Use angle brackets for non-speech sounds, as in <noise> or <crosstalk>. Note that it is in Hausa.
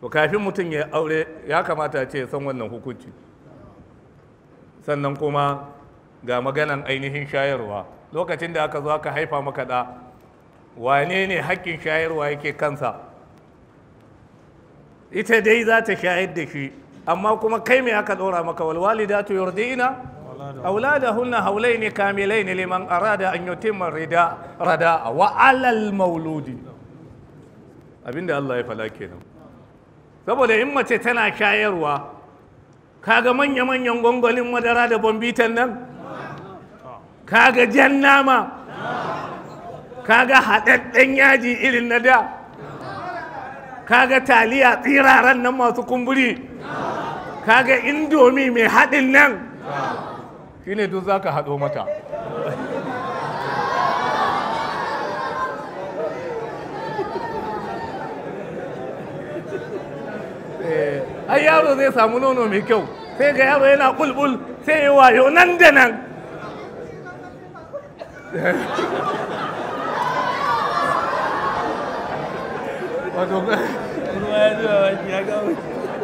to kafin mutum ya aure ya kamata ce san wannan hukunci sannan kuma ga maganan ainihin shayarwa lokacin da aka zo aka haifa maka da wane ne hakkin shayarwa yake kansa ita dai za ta shayar da shi amma kuma kai mai aka ɗora maka walwalidatu yurdina أولادهن هولين haulai ne أراد أن يتم الرداء رداء وعلى المولود أبين الله يفعل كده saboda in mace tana shayarwa kaga manya-manyan gwangwalin madara da bambitan nan kaga jan nama kaga haɗaɗɗen yaji irin na da kaga taliya tsiraran nan masu kumburi kaga indomi mai haɗin nan shine duk za ka haɗo mata Eh, ai yaro zai samu nono mai kyau sai ga yaro yana bulbul sai ya wayo nan da nan <laughs>